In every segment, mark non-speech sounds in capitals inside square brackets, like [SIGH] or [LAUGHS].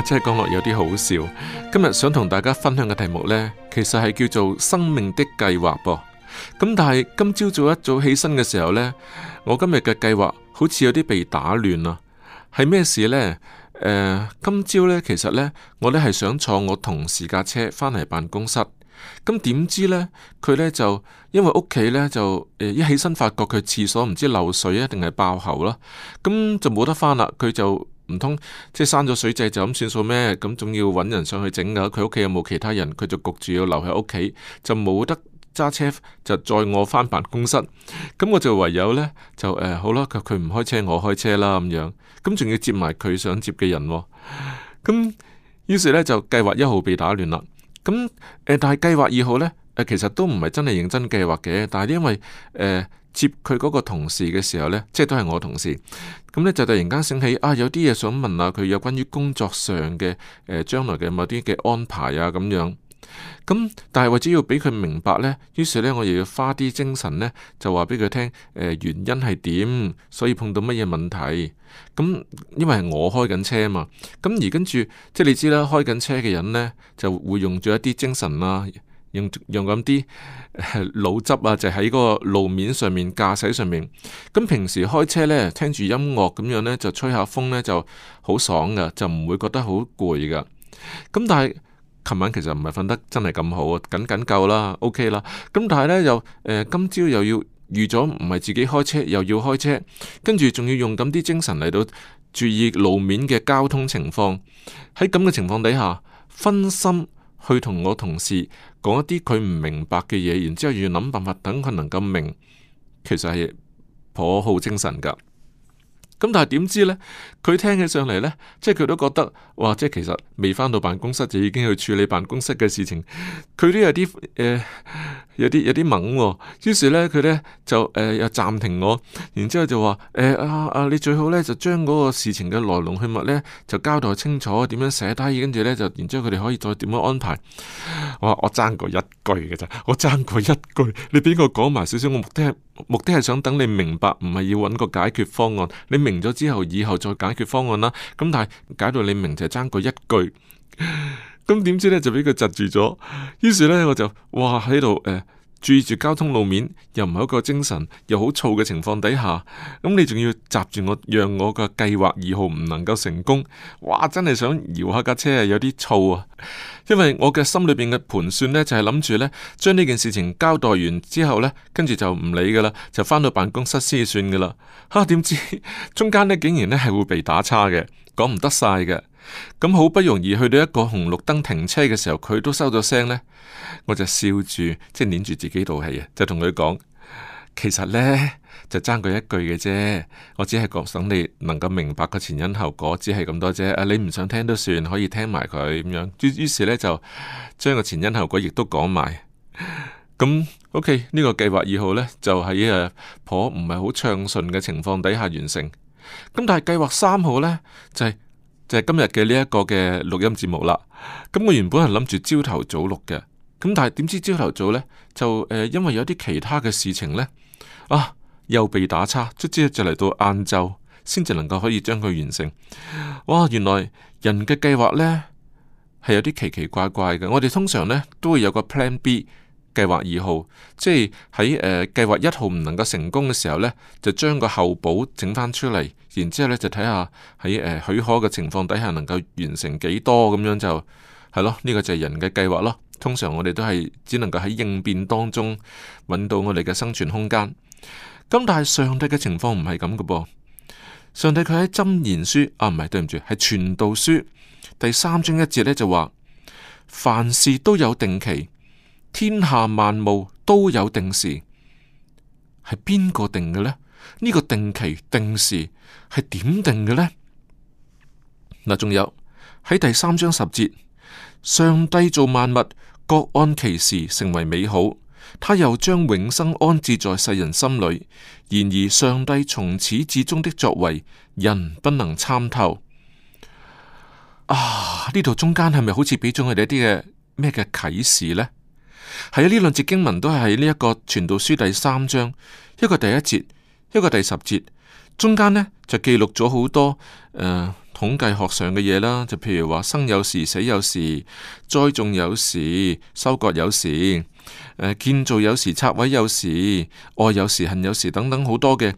即係講落有啲好笑，今日想同大家分享嘅題目呢，其實係叫做生命的計劃噃。咁但係今朝早一早起身嘅時候呢，我今日嘅計劃好似有啲被打亂啊。係咩事呢？呃、今朝呢，其實呢，我呢係想坐我同事架車返嚟辦公室。咁點知呢，佢呢就因為屋企呢，就、呢就、呃、一起身發覺佢廁所唔知漏水啊，定係爆喉啦，咁就冇得返啦。佢就。唔通即係閂咗水掣就咁算數咩？咁仲要揾人上去整噶佢屋企有冇其他人？佢就焗住要留喺屋企，就冇得揸車就載我翻辦公室。咁我就唯有呢，就誒、欸、好啦，佢唔開車，我開車啦咁樣。咁仲要接埋佢想接嘅人，哦。咁於是呢，就計劃一號被打亂啦。咁，呃、但係計劃二號呢？其實都唔係真係認真計劃嘅，但係因為、呃、接佢嗰個同事嘅時候呢，即係都係我同事咁呢，就突然間醒起啊，有啲嘢想問下、啊、佢有關於工作上嘅誒、呃、將來嘅某啲嘅安排啊，咁樣咁，但係為咗要俾佢明白呢，於是呢，我又要花啲精神呢，就話俾佢聽原因係點，所以碰到乜嘢問題咁，因為我開緊車嘛，咁而跟住即係你知啦，開緊車嘅人呢，就會用咗一啲精神啦、啊。用用咁啲腦汁啊，就喺嗰個路面上面駕駛上面。咁平時開車呢，聽住音樂咁樣呢，就吹下風呢，就好爽㗎，就唔會覺得好攰㗎。咁但係琴晚其實唔係瞓得真係咁好啊，緊緊夠啦，OK 啦。咁但係呢，又、呃、今朝又要預咗唔係自己開車，又要開車，跟住仲要用咁啲精神嚟到注意路面嘅交通情況。喺咁嘅情況底下，分心。去同我同事講一啲佢唔明白嘅嘢，然之後要諗辦法等佢能夠明，其實係頗好精神噶。咁但係點知呢？佢聽起上嚟呢，即係佢都覺得，哇！即係其實未返到辦公室就已經去處理辦公室嘅事情，佢都有啲誒。呃有啲有啲猛喎、喔，於是咧佢咧就誒、呃、又暫停我，然之後就話誒、呃、啊啊，你最好咧就將嗰個事情嘅來龍去脈咧就交代清楚，點樣寫低，跟住咧就，然之後佢哋可以再點樣安排。我話我爭過一句嘅咋，我爭過一句，你俾我講埋少少，我目的係目的係想等你明白，唔係要搵個解決方案。你明咗之後，以後再解決方案啦。咁但係解到你明就係爭過一句。咁點知呢，就俾佢窒住咗，於是呢，我就哇喺度誒注意住交通路面，又唔係一個精神又好躁嘅情況底下，咁你仲要窒住我，讓我嘅計劃二號唔能夠成功，哇真係想搖下架車啊，有啲躁啊，因為我嘅心裏邊嘅盤算呢，就係諗住呢將呢件事情交代完之後呢，跟住就唔理噶啦，就翻到辦公室先算噶啦，吓點知中間呢，竟然呢係會被打叉嘅，講唔得晒嘅。咁好不容易去到一個紅綠燈停車嘅時候，佢都收咗聲呢。我就笑住即係捻住自己度氣啊，就同佢講，其實呢，就爭佢一句嘅啫，我只係想省，你能夠明白個前因後果，只係咁多啫。你唔想聽都算，可以聽埋佢咁樣。於於是呢，就將個前因後果亦都講埋。咁 OK 呢個計劃二號呢，就喺誒頗唔係好暢順嘅情況底下完成。咁但係計劃三號呢，就係、是。就係今日嘅呢一個嘅錄音節目啦。咁我原本係諗住朝頭早錄嘅，咁但係點知朝頭早咧就誒，因為有啲其他嘅事情咧，啊，又被打岔，卒之就嚟到晏晝先至能夠可以將佢完成。哇，原來人嘅計劃咧係有啲奇奇怪怪嘅。我哋通常咧都會有個 Plan B，計劃二號，即係喺誒計劃一號唔能夠成功嘅時候呢，就將個後補整翻出嚟，然之後咧就睇下喺誒許可嘅情況底下能夠完成幾多咁樣就係咯，呢個就係人嘅計劃咯。通常我哋都係只能夠喺應變當中揾到我哋嘅生存空間。咁但係上帝嘅情況唔係咁嘅噃，上帝佢喺《箴言書》啊，唔係，對唔住，係《傳道書》第三章一節呢，就話，凡事都有定期。天下萬物都有定時，係邊個定嘅呢？呢個定期定時係點定嘅呢？嗱，仲有喺第三章十節，上帝造萬物，各按其時成為美好，他又將永生安置在世人心裏。然而，上帝從始至終的作為，人不能參透。啊，呢度中間係咪好似畀咗我哋一啲嘅咩嘅啟示呢？係啊！呢兩節經文都係喺呢一個傳道書第三章，一個第一節，一個第十節，中間呢就記錄咗好多誒、呃、統計學上嘅嘢啦，就譬如話生有時，死有時；栽種有時，收割有時；誒、呃、建造有時，拆毀有時；愛有時，恨有時，等等好多嘅，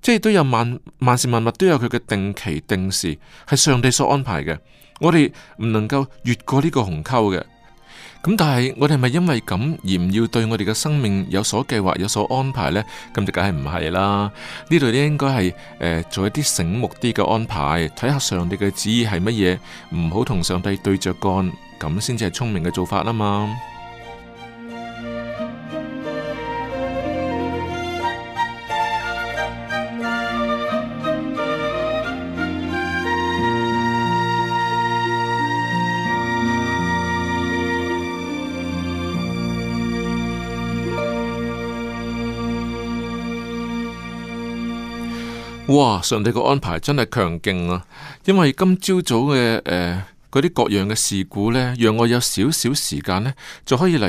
即係都有萬萬事萬物都有佢嘅定期定時，係上帝所安排嘅。我哋唔能夠越過呢個鴻溝嘅。咁但係我哋咪因為咁而唔要對我哋嘅生命有所計劃、有所安排呢？咁就梗係唔係啦。呢度咧應該係誒、呃、做一啲醒目啲嘅安排，睇下上帝嘅旨意係乜嘢，唔好同上帝對着幹，咁先至係聰明嘅做法啊嘛。哇！上帝嘅安排真係強勁啊！因為今朝早嘅誒嗰啲各樣嘅事故呢，讓我有少少時間呢，就可以嚟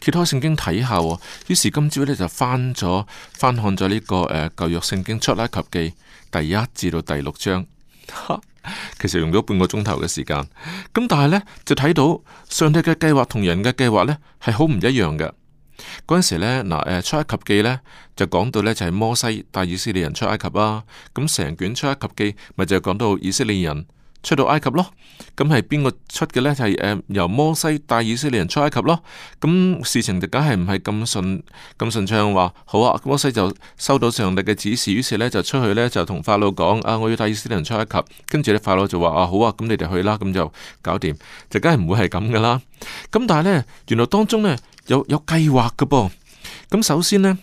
揭開聖經睇下，啊。於是今朝呢，就翻咗翻看咗呢個誒舊約聖經出埃及記第一至到第六章，其實用咗半個鐘頭嘅時間。咁但係呢，就睇到上帝嘅計劃同人嘅計劃呢，係好唔一樣嘅。嗰陣時咧，嗱誒，出埃及記咧就講到咧就係摩西帶以色列人出埃及啊。咁成卷出埃及記咪就係講到以色列人出到埃及咯。咁係邊個出嘅咧？就係誒由摩西帶以色列人出埃及咯。咁事情就梗係唔係咁順咁順暢。話好啊，摩西就收到上帝嘅指示，於是咧就出去咧就同法老講啊，我要帶以色列人出埃及。跟住咧法老就話啊好啊，咁你哋去啦，咁就搞掂。就梗係唔會係咁噶啦。咁但係咧，原來當中咧。有有計劃嘅噃，咁首先呢，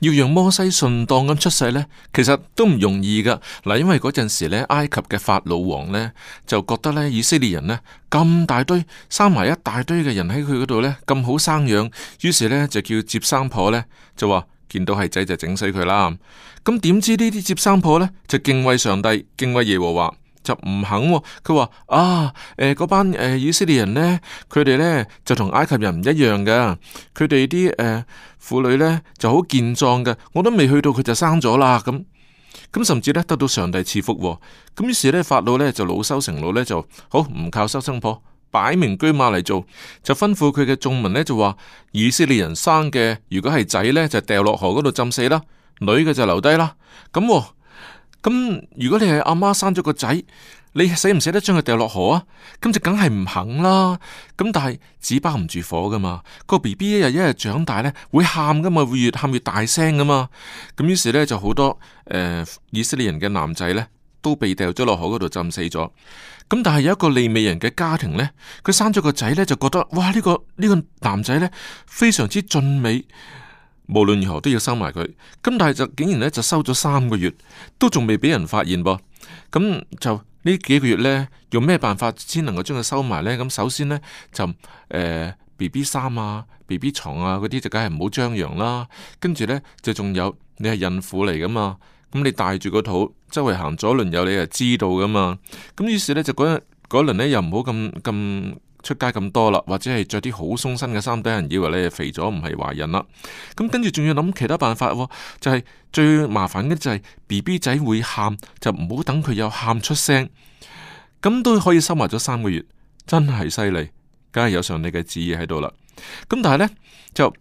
要讓摩西順當咁出世呢，其實都唔容易噶嗱。因為嗰陣時呢，埃及嘅法老王呢，就覺得呢，以色列人呢，咁大堆生埋一大堆嘅人喺佢嗰度呢，咁好生養，於是呢，就叫接生婆呢，就話見到係仔就整死佢啦。咁點知呢啲接生婆呢，就敬畏上帝，敬畏耶和華。就唔肯喎、哦，佢話啊，誒、呃、嗰班誒、呃、以色列人呢，佢哋呢，就同埃及人唔一樣嘅，佢哋啲誒婦女呢，就好健壯嘅，我都未去到佢就生咗啦，咁咁甚至咧得到上帝賜福、哦，咁於是咧法老呢，就老羞成怒呢，就好唔靠收生婆，擺明車馬嚟做，就吩咐佢嘅眾民呢，就話以色列人生嘅如果係仔呢，就掉落河嗰度浸死啦，女嘅就留低啦，咁、哦。咁如果你係阿媽生咗個仔，你捨唔捨得將佢掉落河啊？咁就梗係唔肯啦。咁但係紙包唔住火噶嘛，個 BB 一日一日長大呢，會喊噶嘛，會越喊越大聲噶嘛。咁於是呢，就好多誒、呃、以色列人嘅男仔呢，都被掉咗落河嗰度浸死咗。咁但係有一個利未人嘅家庭呢，佢生咗個仔呢，就覺得哇呢、呢個呢、呢個男仔呢，非常之俊美。無論如何都要收埋佢，咁但係就竟然咧，就收咗三個月，都仲未俾人發現噃，咁就呢幾個月咧用咩辦法先能夠將佢收埋咧？咁首先咧就誒 B B 衫啊、B B 床啊，嗰啲就梗係唔好張揚啦，跟住咧就仲有你係孕婦嚟噶嘛，咁你帶住個肚周圍行咗輪有你就知道噶嘛，咁於是咧就嗰日嗰輪咧又唔好咁咁。出街咁多啦，或者係着啲好鬆身嘅衫，都有人以為你係肥咗，唔係懷孕啦。咁跟住仲要諗其他辦法，就係最麻煩嘅就係 B B 仔會喊，就唔好等佢有喊出聲，咁都可以收埋咗三個月，真係犀利，梗係有上帝嘅旨意喺度啦。咁但係呢，就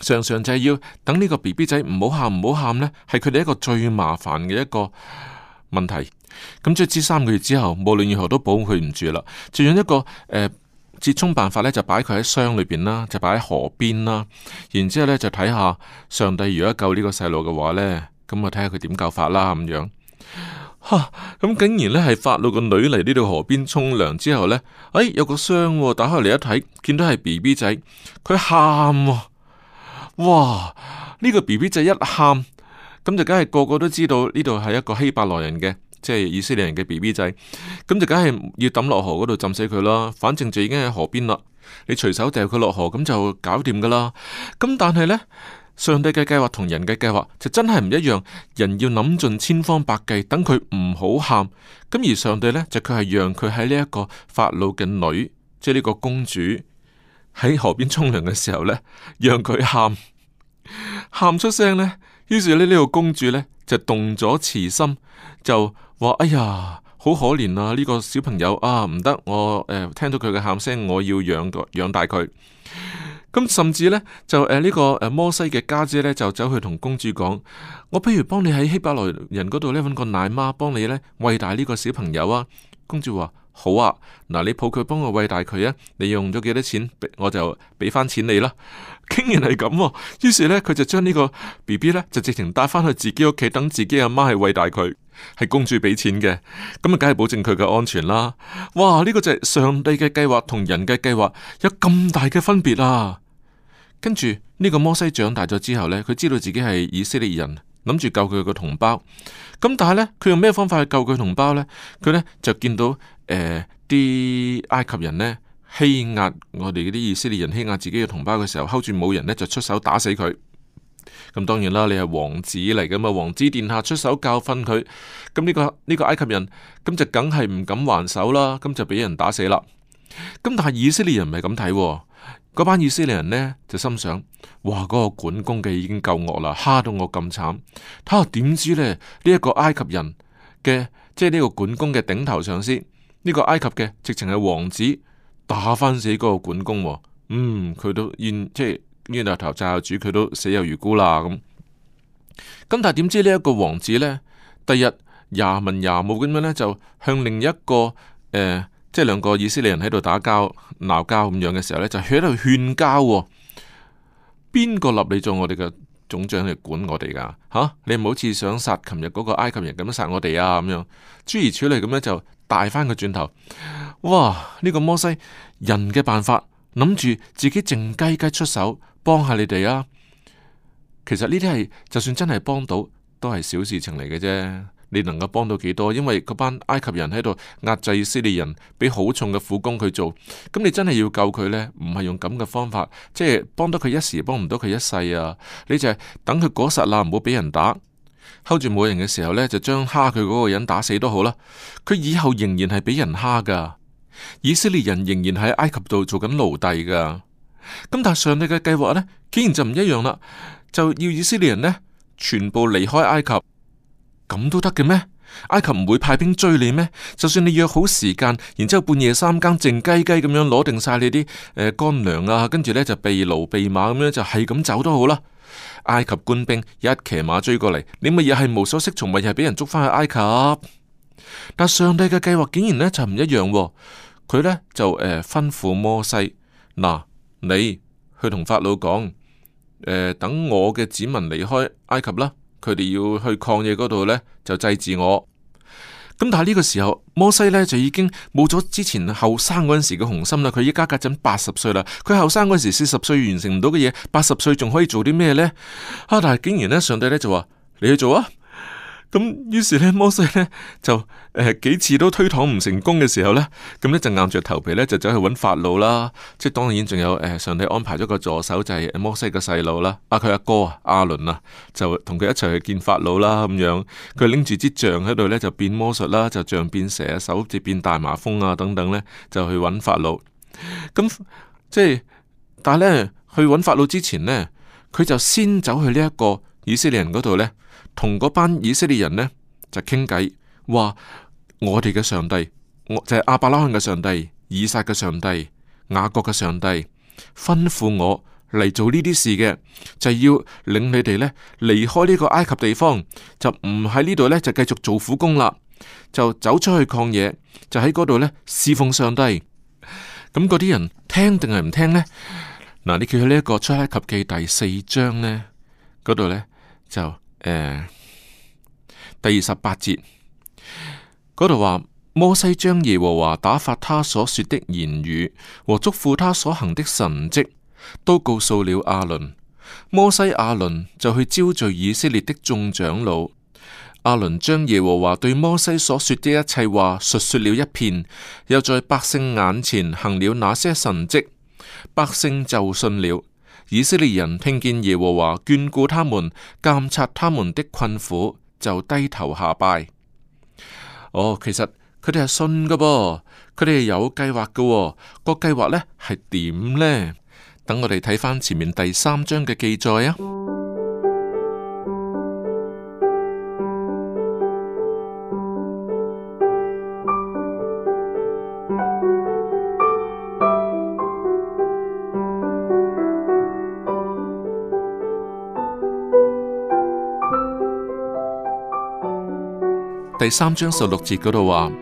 常常就係要等呢個 B B 仔唔好喊唔好喊呢，係佢哋一個最麻煩嘅一個問題。咁直至三個月之後，無論如何都保護佢唔住啦。仲有一個誒折衷辦法咧，就擺佢喺箱裏邊啦，就擺喺河邊啦。然之後咧，就睇下上帝如果救呢個細路嘅話咧，咁我睇下佢點救法啦咁樣。吓，咁竟然咧係法老個女嚟呢度河邊沖涼之後咧，哎有個箱，哦，打開嚟一睇，見到係 B B 仔，佢喊，哦，哇！呢，這個 B B 仔一喊，咁就梗係個個都知道呢度係一個希伯來人嘅。即係以色列人嘅 BB 仔，咁就梗係要抌落河嗰度浸死佢啦。反正就已經喺河邊啦，你隨手掉佢落河，咁就搞掂噶啦。咁但係呢，上帝嘅計劃同人嘅計劃就真係唔一樣。人要諗盡千方百計等佢唔好喊，咁而上帝呢，就佢係讓佢喺呢一個法老嘅女，即係呢個公主喺河邊沖涼嘅時候呢，讓佢喊喊出聲呢，於是咧呢呢個公主呢。就動咗慈心，就話：哎呀，好可憐啊！呢個小朋友啊，唔得，我誒聽到佢嘅喊聲，我要養，養大佢。咁甚至呢，就誒呢個誒摩西嘅家姐呢，就走去同公主講：我不如幫你喺希伯來人嗰度呢揾個奶媽，幫你呢，餵大呢個小朋友啊！公主話。好啊，嗱，你抱佢幫我餵大佢啊！你用咗幾多錢，我就俾翻錢你啦。竟然係咁啊，於是呢，佢就將呢個 B B 呢，就直情帶翻去自己屋企等自己阿媽去餵大佢，係公主俾錢嘅，咁啊梗係保證佢嘅安全啦。哇！呢個就係上帝嘅計劃同人嘅計劃有咁大嘅分別啊！跟住呢個摩西長大咗之後呢，佢知道自己係以色列人，諗住救佢個同胞。咁但係呢，佢用咩方法去救佢同胞呢？佢呢，就見到。誒，啲、呃、埃及人呢，欺壓我哋嗰啲以色列人，欺壓自己嘅同胞嘅時候，hold 住冇人呢，就出手打死佢。咁當然啦，你係王子嚟噶嘛，王子殿下出手教訓佢。咁呢、這個呢、這個埃及人，咁就梗係唔敢還手啦，咁就俾人打死啦。咁但係以色列人唔係咁睇，嗰班以色列人呢，就心想：哇，嗰、那個管工嘅已經夠惡啦，蝦到我咁慘。佢、啊、點知呢？呢、這、一個埃及人嘅，即係呢個管工嘅頂頭上司。呢個埃及嘅，直情係王子打翻死嗰個管工。啊，嗯，佢都冤，即係冤有頭債有主，佢都死有餘辜啦咁。咁但係點知呢一個王子咧，第日廿文廿武咁樣咧，就向另一個誒，即、呃、係、就是、兩個以色列人喺度打交鬧交咁樣嘅時候咧，就喺度勸交。啊，邊個立你做我哋嘅？總長嚟管我哋噶吓，你唔好似想殺琴日嗰個埃及人咁樣殺我哋啊咁樣，諸如此類咁樣就大翻佢轉頭。哇！呢個摩西人嘅辦法，諗住自己靜雞雞出手幫下你哋啊。其實呢啲係就算真係幫到，都係小事情嚟嘅啫。你能夠幫到幾多？因為嗰班埃及人喺度壓制以色列人，俾好重嘅苦工佢做。咁你真係要救佢呢？唔係用咁嘅方法，即係幫得佢一時，幫唔到佢一世啊！你就係等佢嗰剎那啦，唔好俾人打，睺住冇人嘅時候呢，就將蝦佢嗰個人打死都好啦。佢以後仍然係俾人蝦噶，以色列人仍然喺埃及度做緊奴隸噶。咁但係上帝嘅計劃呢，竟然就唔一樣啦，就要以色列人呢，全部離開埃及。咁都得嘅咩？埃及唔會派兵追你咩？就算你約好時間，然之後半夜三更靜雞雞咁樣攞定晒你啲、呃、乾糧啊，跟住呢就備驢備馬咁樣就係咁走都好啦。埃及官兵一騎馬追過嚟，你咪又係無所適從，咪又係俾人捉返去埃及。但上帝嘅計劃竟然呢就唔一樣、啊，佢呢就誒、呃、吩咐摩西嗱，你去同法老講、呃，等我嘅子民離開埃及啦。佢哋要去曠野嗰度呢，就制止我。咁但係呢個時候，摩西呢就已經冇咗之前後生嗰陣時嘅雄心啦。佢依家隔陣八十歲啦。佢後生嗰時四十歲完成唔到嘅嘢，八十歲仲可以做啲咩呢？啊！但係竟然呢，上帝呢就話你去做啊！咁於是咧，摩西咧就誒、呃、幾次都推搪唔成功嘅時候咧，咁咧就硬着頭皮咧就走去揾法老啦。即係當然仲有誒、呃、上帝安排咗個助手，就係、是、摩西嘅細佬啦，啊佢阿哥啊，阿倫啊，就同佢一齊去見法老啦咁樣。佢拎住支杖喺度咧，就變魔術啦，就杖變蛇，手指變大麻風啊等等咧，就去揾法老。咁即係，但係咧去揾法老之前咧，佢就先走去呢一個以色列人嗰度咧。同嗰班以色列人呢，就傾偈，話我哋嘅上帝，我就係、是、亞伯拉罕嘅上帝、以撒嘅上帝、雅各嘅上帝，吩咐我嚟做呢啲事嘅，就要領你哋呢離開呢個埃及地方，就唔喺呢度呢，就繼續做苦工啦，就走出去曠野，就喺嗰度呢侍奉上帝。咁嗰啲人聽定係唔聽呢？嗱、這個，你叫去呢一個出埃及記第四章呢嗰度呢，就。誒，uh, 第二十八節嗰度話，摩西將耶和華打發他所說的言語和祝福他所行的神蹟，都告訴了阿倫。摩西阿倫就去召集以色列的眾長老。阿倫將耶和華對摩西所說的一切話述說了一遍，又在百姓眼前行了那些神蹟，百姓就信了。以色列人聽見耶和華眷顧他們、監察他們的困苦，就低頭下拜。哦，其實佢哋係信㗎噃，佢哋係有計劃㗎。個計劃呢係點呢？等我哋睇翻前面第三章嘅記載啊！第三章十六節嗰度話：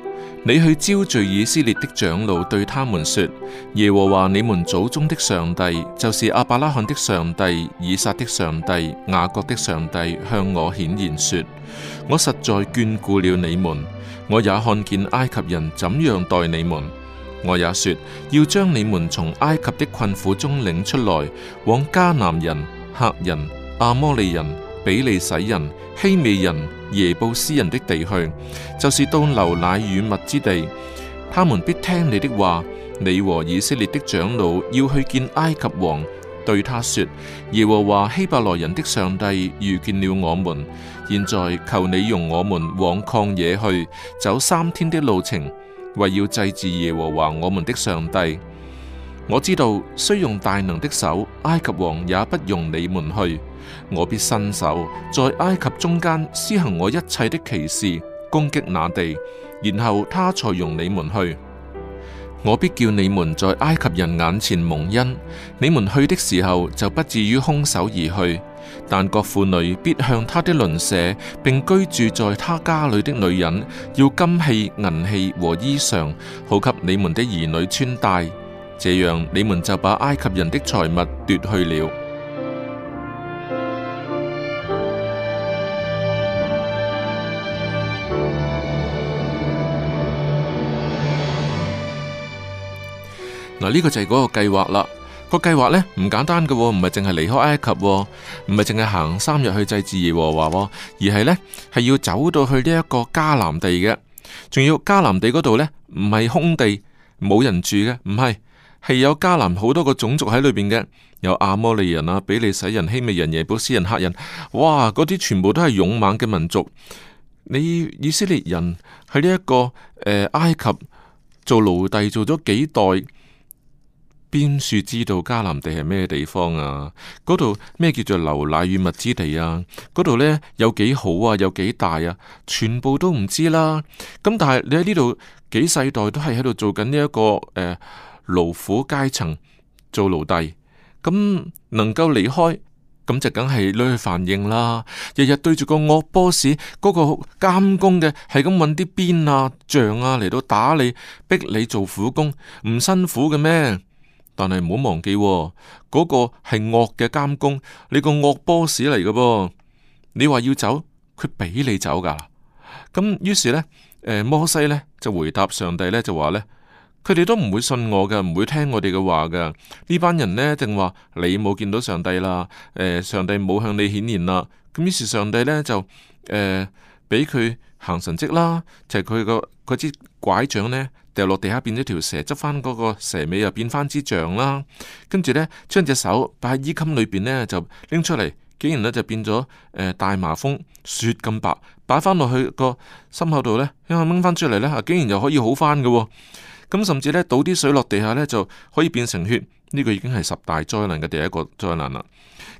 你去招聚以色列的長老，對他們說：耶和華你們祖宗的上帝，就是亞伯拉罕的上帝、以撒的上帝、雅各的上帝，向我顯現說：我實在眷顧了你們，我也看見埃及人怎樣待你們，我也說要將你們從埃及的困苦中領出來，往迦南人、赫人、亞摩利人、比利洗人希美人、耶布斯人的地去，就是到流奶與蜜之地，他們必聽你的話。你和以色列的長老要去見埃及王，對他說：耶和華希伯來人的上帝遇見了我們，現在求你容我們往曠野去，走三天的路程，為要祭祀耶和華我們的上帝。我知道，雖用大能的手，埃及王也不容你們去。我必伸手在埃及中間施行我一切的奇事，攻擊那地，然後他才容你們去。我必叫你們在埃及人眼前蒙恩，你們去的時候就不至於空手而去。但各婦女必向她的鄰舍，並居住在她家裏的女人要金器、銀器和衣裳，好給你們的兒女穿戴，這樣你們就把埃及人的財物奪去了。呢個就係嗰個計劃啦。個計劃呢，唔簡單嘅，唔係淨係離開埃及，唔係淨係行三日去祭祀耶和華喎，而係呢，係要走到去呢一個迦南地嘅，仲要迦南地嗰度呢，唔係空地冇人住嘅，唔係係有迦南好多個種族喺裏邊嘅，有阿摩利人啊、比利使人、希美人、耶布斯人、黑人，哇嗰啲全部都係勇猛嘅民族。你以色列人喺呢一個埃及做奴隸做咗幾代。邊樹知道迦南地係咩地方啊？嗰度咩叫做流奶與蜜之地啊？嗰度呢，有幾好啊？有幾大啊？全部都唔知啦。咁但係你喺呢度幾世代都係喺度做緊呢一個誒勞苦階層做奴隸，咁能夠離開咁就梗係略去繁應啦。日日對住個惡 boss，嗰個監工嘅係咁搵啲鞭啊杖啊嚟到打你，逼你做苦工，唔辛苦嘅咩？但係唔好忘記，嗰個係惡嘅監工，你個惡 boss 嚟噶噃。你話要走，佢俾你走噶。咁於是咧，誒摩西咧就回答上帝咧就話咧，佢哋都唔會信我嘅，唔會聽我哋嘅話噶。呢班人咧，正話你冇見到上帝啦，誒上帝冇向你顯現啦。咁於是上帝咧就誒俾佢行神跡啦，就係佢個嗰支拐杖咧。又落地下變咗條蛇，執翻嗰個蛇尾又變翻支杖啦，跟住呢，將隻手擺喺衣襟裏邊呢，就拎出嚟，竟然呢，就變咗誒、呃、大麻風雪咁白，擺翻落去個心口度呢，一下掹翻出嚟呢，啊竟然又可以好翻嘅，咁甚至呢，倒啲水落地下呢，就可以變成血，呢、這個已經係十大災難嘅第一個災難啦。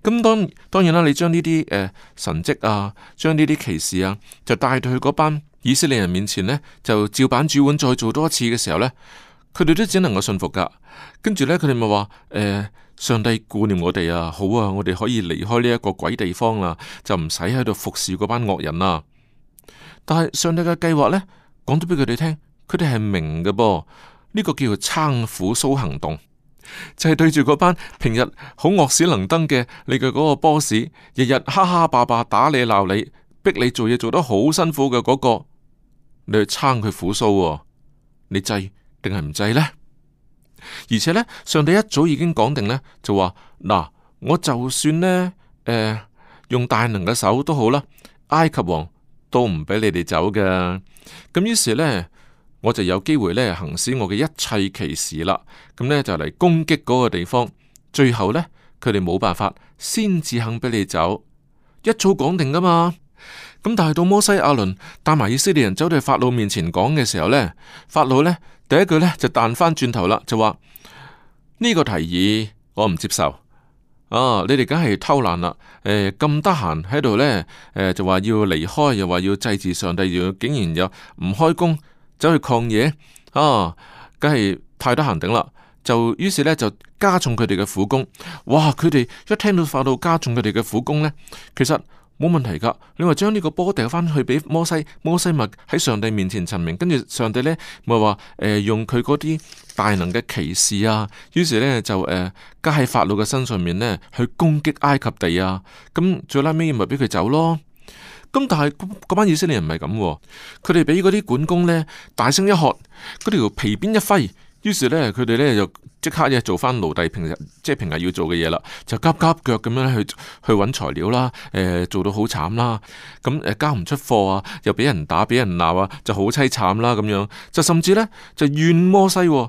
咁當當然啦，你將呢啲誒神蹟啊，將呢啲奇事啊，就帶到去嗰班。以色列人面前呢，就照板煮碗再做多一次嘅時候呢，佢哋都只能夠信服噶。跟住呢，佢哋咪話：誒，上帝顧念我哋啊，好啊，我哋可以離開呢一個鬼地方啦，就唔使喺度服侍嗰班惡人啦。但係上帝嘅計劃呢，講咗畀佢哋聽，佢哋係明嘅噃。呢、這個叫做撐苦蘇行動，就係、是、對住嗰班平日好惡死能登嘅你嘅嗰個 boss，日日哈哈霸霸打你鬧你，逼你做嘢做得好辛苦嘅嗰、那個。你去撐佢苦蘇，你制定係唔制呢？而且呢，上帝一早已經講定呢，就話嗱，我就算呢，誒、呃，用大能嘅手都好啦，埃及王都唔俾你哋走嘅。咁於是呢，我就有機會呢行使我嘅一切奇事啦。咁呢，就嚟攻擊嗰個地方，最後呢，佢哋冇辦法，先至肯俾你走，一早講定噶嘛。咁但係到摩西亞倫帶埋以色列人走到法老面前講嘅時候呢，法老呢第一句呢就彈翻轉頭啦，就話呢個提議我唔接受啊！你哋梗係偷懶啦，咁得閒喺度呢，就話要離開，又話要祭祀上帝，又竟然又唔開工，走去曠野啊，梗係太得閒頂啦！就於是呢，就加重佢哋嘅苦工。哇！佢哋一聽到法老加重佢哋嘅苦工呢，其實。冇問題噶，你話將呢個波掟翻去俾摩西，摩西咪喺上帝面前陳明，跟住上帝呢咪話誒用佢嗰啲大能嘅奇事啊，於是呢就誒、呃、加喺法老嘅身上面呢去攻擊埃及地啊，咁最拉尾咪俾佢走咯。咁但係嗰班以色列人唔係咁，佢哋俾嗰啲管工呢大聲一喝，嗰條皮鞭一揮。於是咧，佢哋咧就即刻又做翻奴隸平日即係、就是、平日要做嘅嘢啦，就急急腳咁樣去去揾材料啦，誒、呃、做到好慘啦，咁誒交唔出貨啊，又俾人打，俾人鬧啊，就好凄慘啦咁樣，就甚至咧就怨摩西，啊。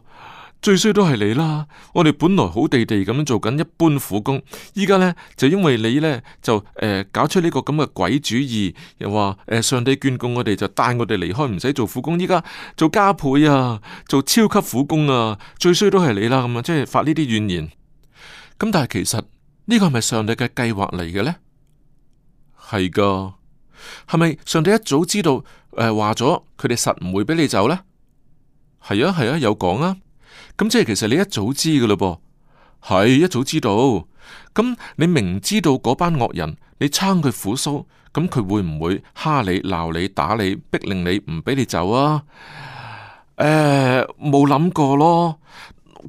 最衰都係你啦！我哋本來好地地咁樣做緊一般苦工，依家呢，就因為你呢，就誒、呃、搞出呢個咁嘅鬼主意，又話誒、呃、上帝眷顧我哋就帶我哋離開，唔使做苦工，依家做加倍啊，做超級苦工啊！最衰都係你啦，咁啊，即係發呢啲怨言。咁但係其實呢、呢個係咪上帝嘅計劃嚟嘅呢？係㗎，係咪上帝一早知道誒話咗佢哋實唔會俾你走呢？係啊係啊，有講啊！咁即係其實你一早知噶喇。噃係一早知道。咁你明知道嗰班惡人，你撐佢苦蘇，咁佢會唔會蝦你鬧你打你逼令你唔俾你走啊？誒、欸，冇諗過咯。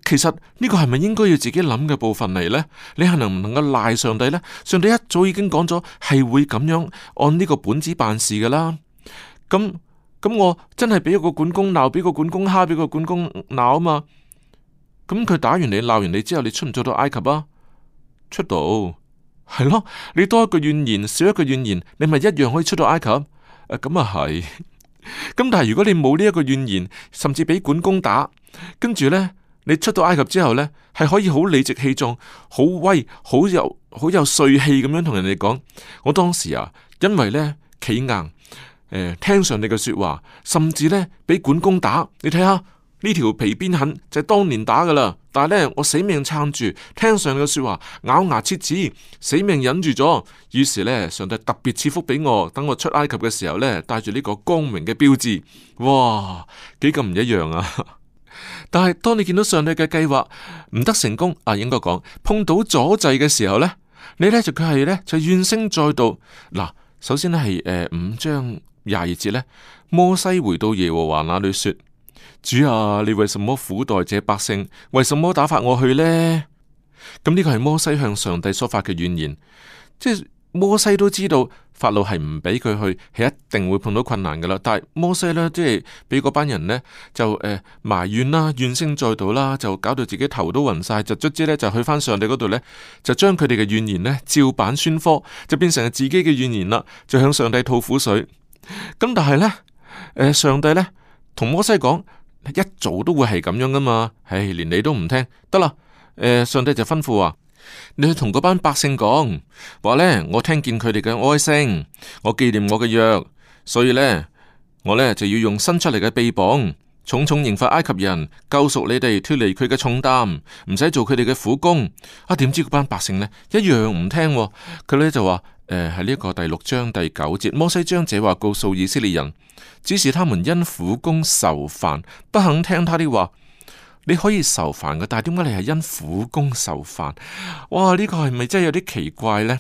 其實呢個係咪應該要自己諗嘅部分嚟？呢？你係能唔能夠賴上帝呢？上帝一早已經講咗係會咁樣按呢個本子辦事噶啦。咁咁我真係俾個管工鬧，俾個管工蝦，俾個管工鬧啊嘛。咁佢打完你鬧完你之後，你出唔出到埃及啊？出到係咯，你多一個怨言，少一個怨言，你咪一樣可以出到埃及。咁啊係。咁、就是、 [LAUGHS] 但係如果你冇呢一個怨言，甚至俾管工打，跟住呢，你出到埃及之後呢，係可以好理直氣壯、好威、好有好有帥氣咁樣同人哋講。我當時啊，因為呢企硬、呃，聽上你嘅說話，甚至呢俾管工打，你睇下。呢條皮鞭痕就係、是、當年打噶啦，但係呢，我死命撐住，聽上帝嘅說話，咬牙切齒，死命忍住咗。於是呢，上帝特別賜福俾我，等我出埃及嘅時候呢，帶住呢個光明嘅標誌，哇，幾咁唔一樣啊！ [LAUGHS] 但係當你見到上帝嘅計劃唔得成功，阿、啊、應該講碰到阻滯嘅時候呢，你呢就佢係呢，就怨聲載道。嗱，首先呢係誒、呃、五章廿二節呢，摩西回到耶和華那裏說。主啊，你為什麼苦待這百姓？為什麼打發我去呢？咁呢個係摩西向上帝所發嘅怨言，即係摩西都知道法老係唔俾佢去，係一定會碰到困難噶啦。但係摩西呢，即係俾嗰班人呢，就誒、呃、埋怨啦，怨聲載道啦，就搞到自己頭都暈晒。就卒之呢，就去翻上帝嗰度呢，就將佢哋嘅怨言呢照版宣科，就變成係自己嘅怨言啦，就向上帝吐苦水。咁但係呢、呃，上帝呢。同摩西講，一早都會係咁樣噶嘛？唉，連你都唔聽得啦、呃。上帝就吩咐話，你去同嗰班百姓講，話呢，我聽見佢哋嘅哀聲，我紀念我嘅約，所以呢，我呢就要用伸出嚟嘅臂膀。重重刑罰埃及人，救贖你哋脫離佢嘅重擔，唔使做佢哋嘅苦工啊。點知嗰班百姓呢，一樣唔聽佢、哦、呢就話誒，喺、呃、呢個第六章第九節，摩西將這話告訴以色列人，只是他們因苦工受煩，不肯聽他的話。你可以受煩嘅，但係點解你係因苦工受煩？哇，呢、呢個係咪真係有啲奇怪呢？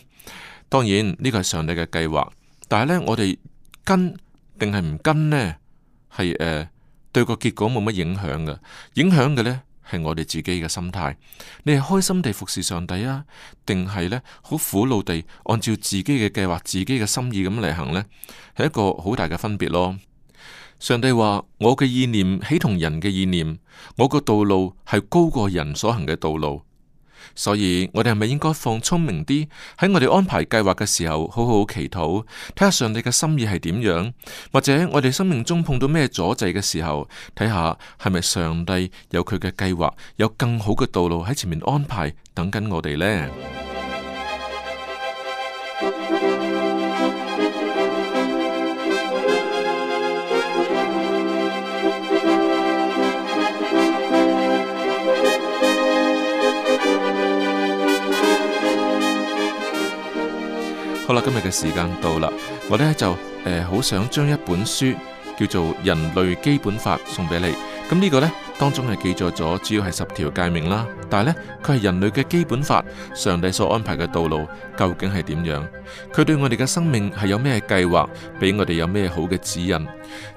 當然呢、呢個係上帝嘅計劃，但係呢，我哋跟定係唔跟呢？係誒。呃對個結果冇乜影響嘅，影響嘅呢係我哋自己嘅心態。你係開心地服侍上帝啊，定係呢好苦惱地按照自己嘅計劃、自己嘅心意咁嚟行呢，係一個好大嘅分別咯。上帝話：我嘅意念起同人嘅意念，我個道路係高過人所行嘅道路。所以我哋係咪應該放聰明啲？喺我哋安排計劃嘅時候，好好祈禱，睇下上帝嘅心意係點樣？或者我哋生命中碰到咩阻滯嘅時候，睇下係咪上帝有佢嘅計劃，有更好嘅道路喺前面安排，等緊我哋呢？好啦，今日嘅時間到啦，我咧就誒好、呃、想將一本書叫做《人類基本法》送畀你。咁呢個咧。當中係記載咗，主要係十條誡命啦。但係呢，佢係人類嘅基本法，上帝所安排嘅道路究竟係點樣？佢對我哋嘅生命係有咩計劃？俾我哋有咩好嘅指引？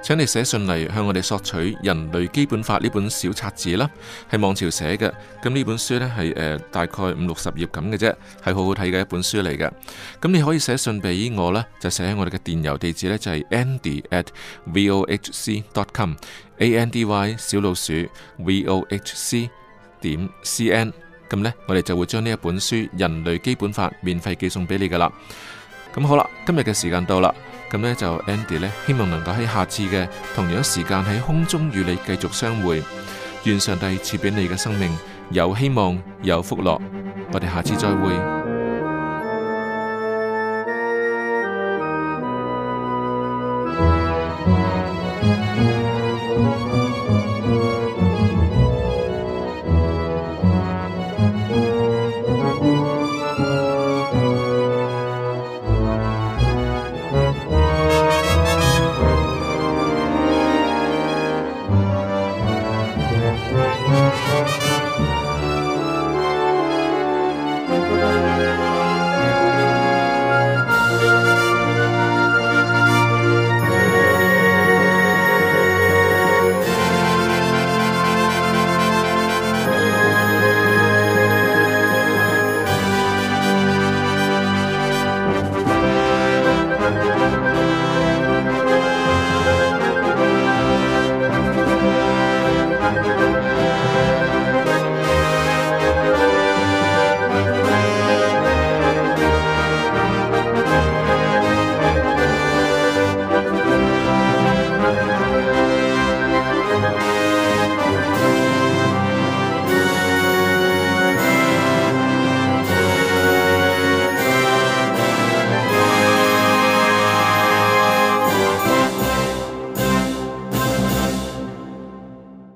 請你寫信嚟向我哋索取《人類基本法》呢本小冊子啦。係網朝寫嘅，咁呢本書呢，係、呃、誒大概五六十頁咁嘅啫，係好好睇嘅一本書嚟嘅。咁你可以寫信俾我咧，就寫喺我哋嘅電郵地址呢，就係、是、andy@vohc.com。Oh、andy 小老鼠 vohc 點 cn，咁呢，o H、C. C 我哋就會將呢一本書《人類基本法》免費寄送俾你噶啦。咁好啦，今日嘅時間到啦，咁呢，就 Andy 呢，希望能夠喺下次嘅同樣時間喺空中與你繼續相會。願上帝賜俾你嘅生命有希望、有福樂。我哋下次再會。